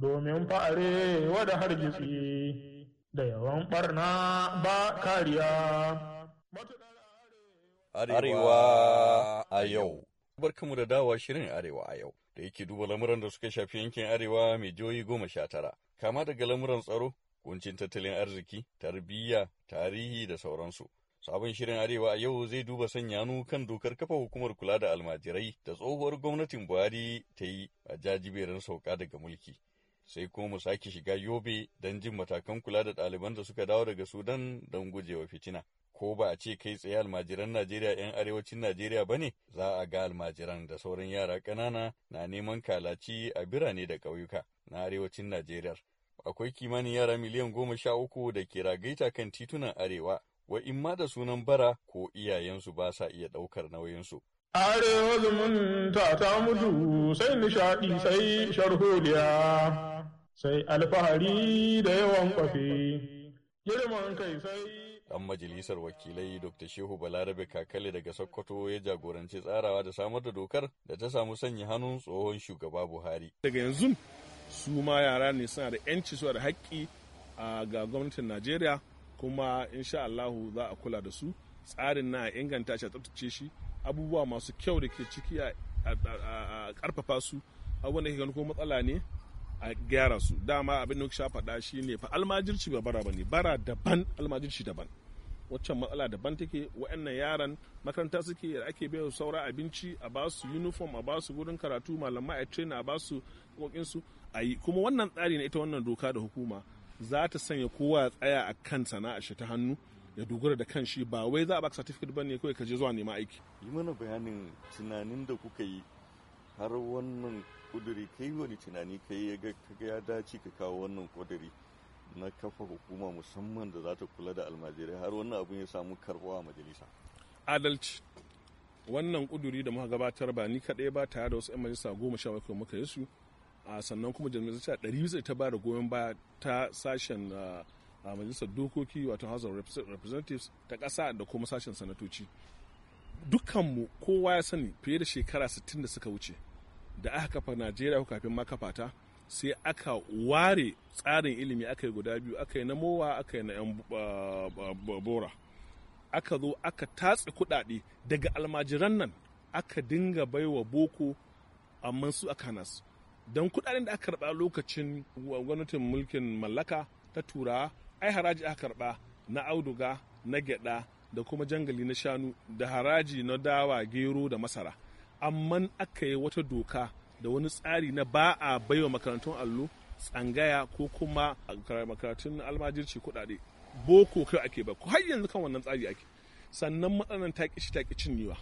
domin fa'are wada hargitsi da yawan ɓarna ba kariya. Arewa a yau Barkanmu da dawa shirin Arewa a yau da yake duba lamuran da suka shafi yankin Arewa mai jihohi goma sha tara, kama daga lamuran tsaro, kuncin tattalin arziki, tarbiyya, tarihi da sauransu. Sabon shirin Arewa a yau zai duba sanyanu kan dokar kafa hukumar kula da almajirai da tsohuwar gwamnatin Buhari ta yi a jajiberin sauka daga mulki. sai kuma mu sake shiga yobe don jin matakan kula da ɗaliban da suka dawo daga sudan don gujewa fitina ko ba a ce kai tsaye almajiran najeriya 'yan arewacin najeriya ba ne za a ga almajiran da sauran yara ƙanana na neman kalaci a birane da ƙauyuka na arewacin najeriya akwai kimanin yara miliyan goma sha uku da ke ragaita kan titunan arewa wa imma da sunan bara ko iyayensu ba sa iya ɗaukar nauyinsu are zumunta ta mutu sai nishaɗi sai sharholiya sai alfahari da yawan kwafi girman kai sai dan majalisar wakilai Dr. Shehu Balarabe Kakale daga Sokoto ya jagoranci tsarawa da samar da dokar da ta samu sanya hannun tsohon shugaba Buhari. Daga yanzu su ma yara ne suna da 'yanci suna da haƙƙi ga gwamnatin Najeriya kuma insha Allahu za a kula da su tsarin na inganta shi a tsabtace shi abubuwa masu kyau da ke ciki a karfafa su abubuwan da ke gani ko matsala ne a gyara su dama abin da shafa faɗa shi ne fa almajirci ba bara bane bara daban almajirci daban waccan matsala daban take wa'annan yaran makaranta suke da ake bayar saura abinci a ba su uniform a ba su gurin karatu malamai a train a ba su kokin su a yi kuma wannan tsari na ita wannan doka da hukuma za ta sanya kowa ya tsaya a kan sana'a shi ta hannu ya dogara da kan shi ba wai za a baka certificate bane kawai ka je zuwa nema aiki yi mana bayanin tunanin da kuka yi har wannan kuduri kai wani tunani kai ya ga ya dace ka kawo wannan kuduri na kafa hukuma musamman da za ta kula da almajirai har wannan abun ya samu karbuwa a majalisa adalci wannan kuduri da muka gabatar ba ni kaɗai ba tare da wasu 'yan majalisa goma sha bakwai muka yi su sannan kuma majalisa ɗari ta ba da goyon baya ta sashen ah, a majalisar dokoki wato house of representatives ta kasa da kuma sashen sanatoci dukkanmu kowa ya sani fiye da shekara 60 da suka wuce da aka kafa najeriya kafin ma kafa ta sai aka ware tsarin ilimi aka yi guda biyu aka yi na mowa aka yi na yan bora aka zo aka tatse kudade daga almajiran nan aka dinga baiwa boko amma su a nasu don kudaden da aka karba lokacin gwamnatin mulkin mallaka ta turawa ai haraji aka karba na auduga na gyada da kuma jangali na shanu da haraji na dawa gero da masara amma aka yi wata doka da wani tsari na ba a baiwa makarantun allo tsangaya ko kuma makarantun almajirci kuɗaɗe boko kai ake ba ko har yanzu kan wannan tsari ake sannan matsalan takici takicin niwa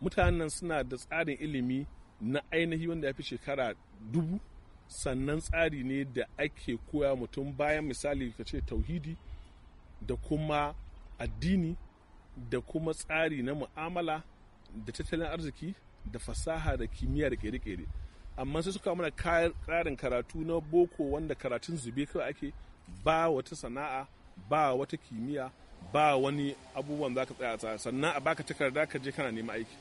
mutanen suna da tsarin ilimi na ainihi wanda ya fi shekara dubu sannan tsari ne da ake koya mutum bayan misali ka ce tauhidi da kuma addini da kuma tsari na mu'amala da tattalin arziki da fasaha da kimiyya da kere-kere amma sai suka mana karin karatu na boko wanda karatun zube kawai ake ba wata sana'a ba wata kimiyya ba wani abubuwan za ka tsaya tsaya sannan a baka takarda ka je kana neman aiki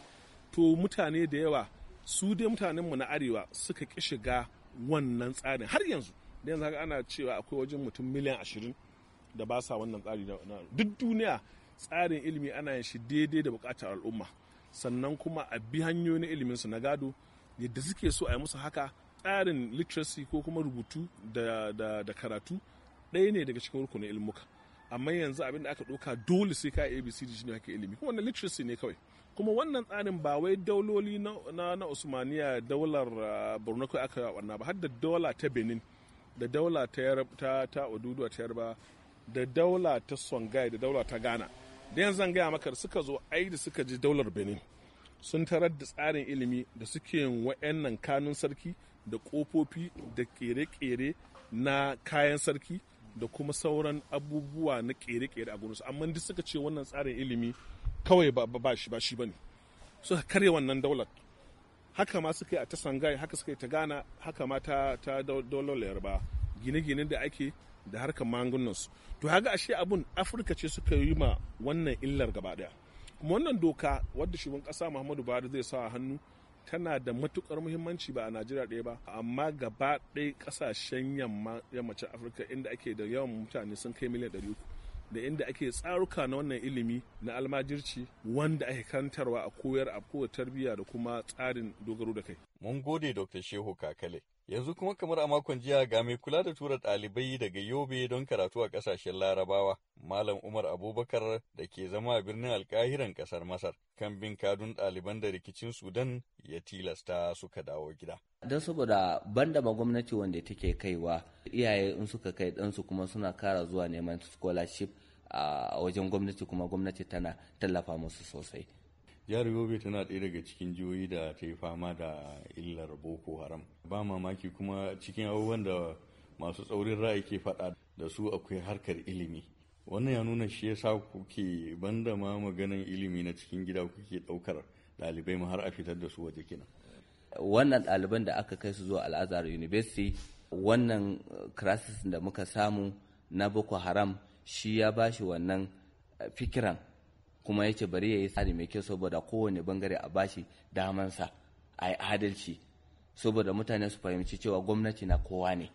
to mutane da yawa su dai mutanenmu na arewa suka ƙi shiga wannan tsarin har yanzu da yanzu ana cewa akwai wajen mutum miliyan ashirin da ba sa wannan tsari na duk duniya tsarin ilimi ana yin shi daidai da bukatar al'umma sannan kuma a bi hanyoyin ilimin su na gado yadda suke so a yi musu haka tsarin literacy ko kuma rubutu da, karatu ɗaya ne daga cikin rukunin ilmuka amma yanzu abin da aka ɗauka dole sai ka abcd shi ne haka ilimi kuma wannan literacy ne kawai kuma wannan tsarin ba wai dauloli na, na, usmaniya daular ah, borno kai aka wannan ba har da daula ta benin da daula ta yarba ta oduduwa yarba da daula ta songhai da daula ta ghana da yanzu zan gaya maka suka zo ai da suka ji daular benin sun tarar da tsarin ilimi da suke yin wa'annan kanun sarki da kofofi da kere-kere na kayan sarki da kuma sauran abubuwa na kere-kere a gurinsu amma duk suka ce wannan tsarin ilimi kawai ba shi ba shi bane ka karya wannan daular haka ma suka yi a ta sangai haka suka yi ta Gana, haka ma ta ta gine-ginen da ake da harkar magungunansu to haka ashe abun afirka ce suka yi ma wannan illar gaba daya kuma wannan doka wadda shugaban kasa muhammadu buhari zai sa hannu tana da matukar muhimmanci ba a najeriya ɗaya ba amma gaba ɗaya ƙasashen yammacin afirka inda ake da yawan mutane sun kai miliyan 300 da inda ake tsaruka na wannan ilimi na almajirci wanda ake kantarwa a koyar a kowace tarbiyya da kuma tsarin dogaro da kai. Mun gode Dr. Shehu Kakale. Yanzu kuma kamar a makon jiya ga mai kula da tura ɗalibai daga Yobe don karatu a ƙasashen Larabawa, Malam Umar Abubakar da ke zama a birnin alkahiran ƙasar Masar, kan bin kadun ɗaliban da rikicin Sudan ya tilasta suka dawo gida. Don saboda banda ma gwamnati wanda take kaiwa, iyaye in suka kai ɗansu kuma suna kara zuwa neman scholarship a wajen gwamnati kuma gwamnati tana tallafa musu sosai. jihar yobe tana ɗaya daga cikin jihohi da ta yi fama da illar boko haram ba mamaki kuma cikin abubuwan da masu tsaurin ra'ayi ke faɗa da su akwai harkar ilimi wannan ya nuna shi yasa kuke banda ma maganan ilimi na cikin gida kuke ɗaukar ɗalibai ma har a fitar da su waje kenan wannan ɗaliban da aka kai su zuwa al'azhar university wannan crisis da muka samu na boko haram shi ya bashi wannan eh, fikiran kuma ya ce bari ya yi tsari mai kyau saboda kowane bangare a bashi damansa a yi adalci saboda mutane su fahimci cewa gwamnati na kowa ne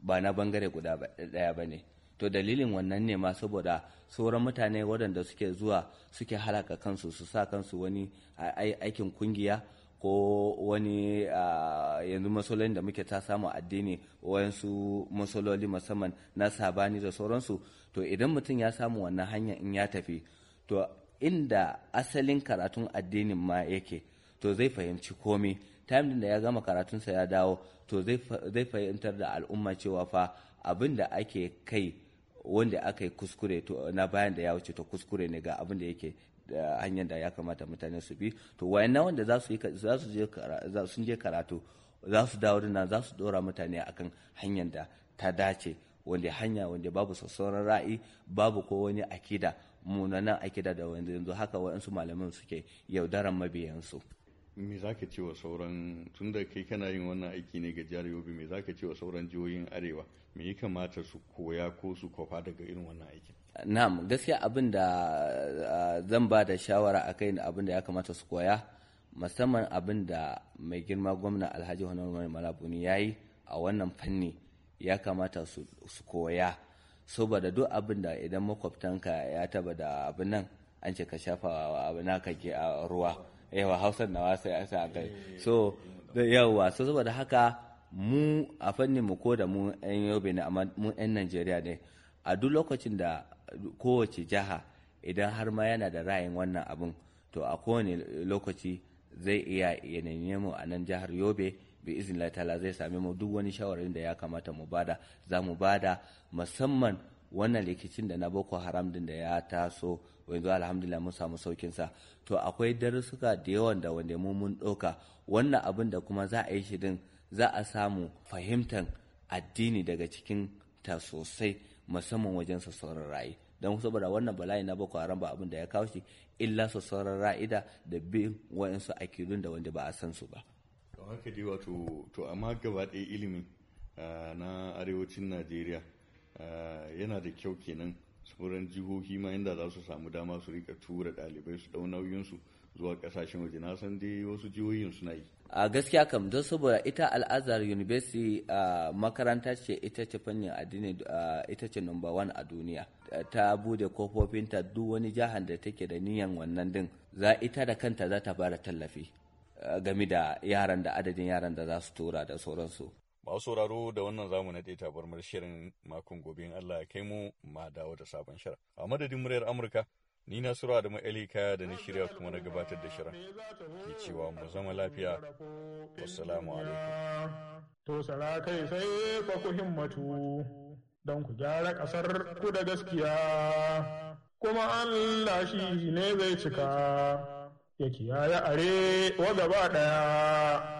ba na bangare guda daya ba ne to dalilin wannan ne ma saboda sauran mutane waɗanda suke zuwa suke halaka kansu su sa kansu wani aikin kungiya ko wani yanzu masololin da muke ta samu addini wayansu masololi musamman na sabani da sauransu to idan mutum ya samu wannan hanya in ya tafi to inda asalin karatun addinin ma yake to zai fahimci komai time da ya gama karatunsa ya dawo to zai fahimtar da al'umma cewa fa abin da ake kai wanda aka yi kuskure to na bayan da ya wuce to kuskure ne ga abin da yake hanyar da ya kamata mutane su bi to na wanda za su je sun je karatu za su dawo dina za su dora mutane akan hanyar da ta dace wanda hanya wanda babu sassauran ra'ayi babu ko wani akida munanan ake da wanda yanzu haka waɗansu malaman suke yaudaran mabiyansu. me za ka ce wa sauran tun da kai kana yin wannan aiki ne ga jihar yobe me za ka ce wa sauran jihohin arewa me ya kamata su koya ko su kofa daga irin wannan aikin na'am gaskiya abin da zan ba da shawara akai abin da ya kamata su koya musamman abin da mai girma gwamna alhaji honorable malabuni ya yi a wannan fanni ya kamata su koya saboda duk abin da idan makwabtanka ya taba da abin nan an ce ka shafa abu na ke a ruwa yawa hausar na sai a sa kai so yawa so saboda haka mu a fannin mu ko da mu yan yobe ne amma mu yan najeriya ne a duk lokacin da kowace jiha idan har ma yana da ra'ayin wannan abin to a kowane lokaci zai iya yanayin mu a nan jihar yobe bi izin ta'ala zai sami mu duk wani shawarin da ya kamata mu bada za mu bada musamman wannan rikicin da na boko haram din da ya taso yanzu alhamdulillah mun samu saukin sa to akwai darussuka da yawan da wanda mu mun ɗauka wannan abin da kuma za a yi shi din za a samu fahimtar addini daga cikin ta sosai musamman wajen sassauran ra'ayi don saboda wannan bala'i na boko haram ba abin da ya kawo shi illa sassauran ra'ida da bin wa'insu akidun da wanda ba a san su ba haka dai wato to amma gaba ɗaya ilimi na arewacin najeriya yana da kyau kenan sauran jihohi ma inda za su samu dama su rika tura ɗalibai su ɗau nauyinsu zuwa ƙasashen waje na san dai wasu jihohin suna yi a gaskiya kam don saboda ita al'azar university makaranta ce ita ce fannin addini ita ce number one a duniya ta bude kofofinta duk wani jihar da take da niyan wannan din za ita da kanta za ta fara tallafi Eh, game da yaran da adadin yaran da za su tura da sauransu. Ba sauraro da wannan zamu naɗe tabarmar shirin makon gobe in Allah ya kai mu ma dawo da sabon shirin. A madadin muryar Amurka, ni na sura da ma'ali kaya da na shirya kuma na gabatar da shirin. Ki cewa mu zama lafiya. Wassalamu alaikum. To kai sai fa ku himmatu don ku gyara ƙasar ku da gaskiya. Kuma Allah shi ne zai cika. yake ya yi are wadda gaba ɗaya